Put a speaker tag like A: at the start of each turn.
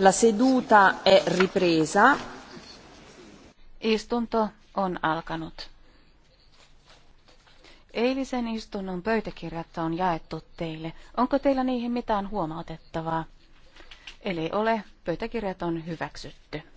A: La seduta è ripresa.
B: Istunto on alkanut.
C: Eilisen istunnon pöytäkirjat on jaettu teille. Onko teillä niihin mitään huomautettavaa? Eli ole, pöytäkirjat on hyväksytty.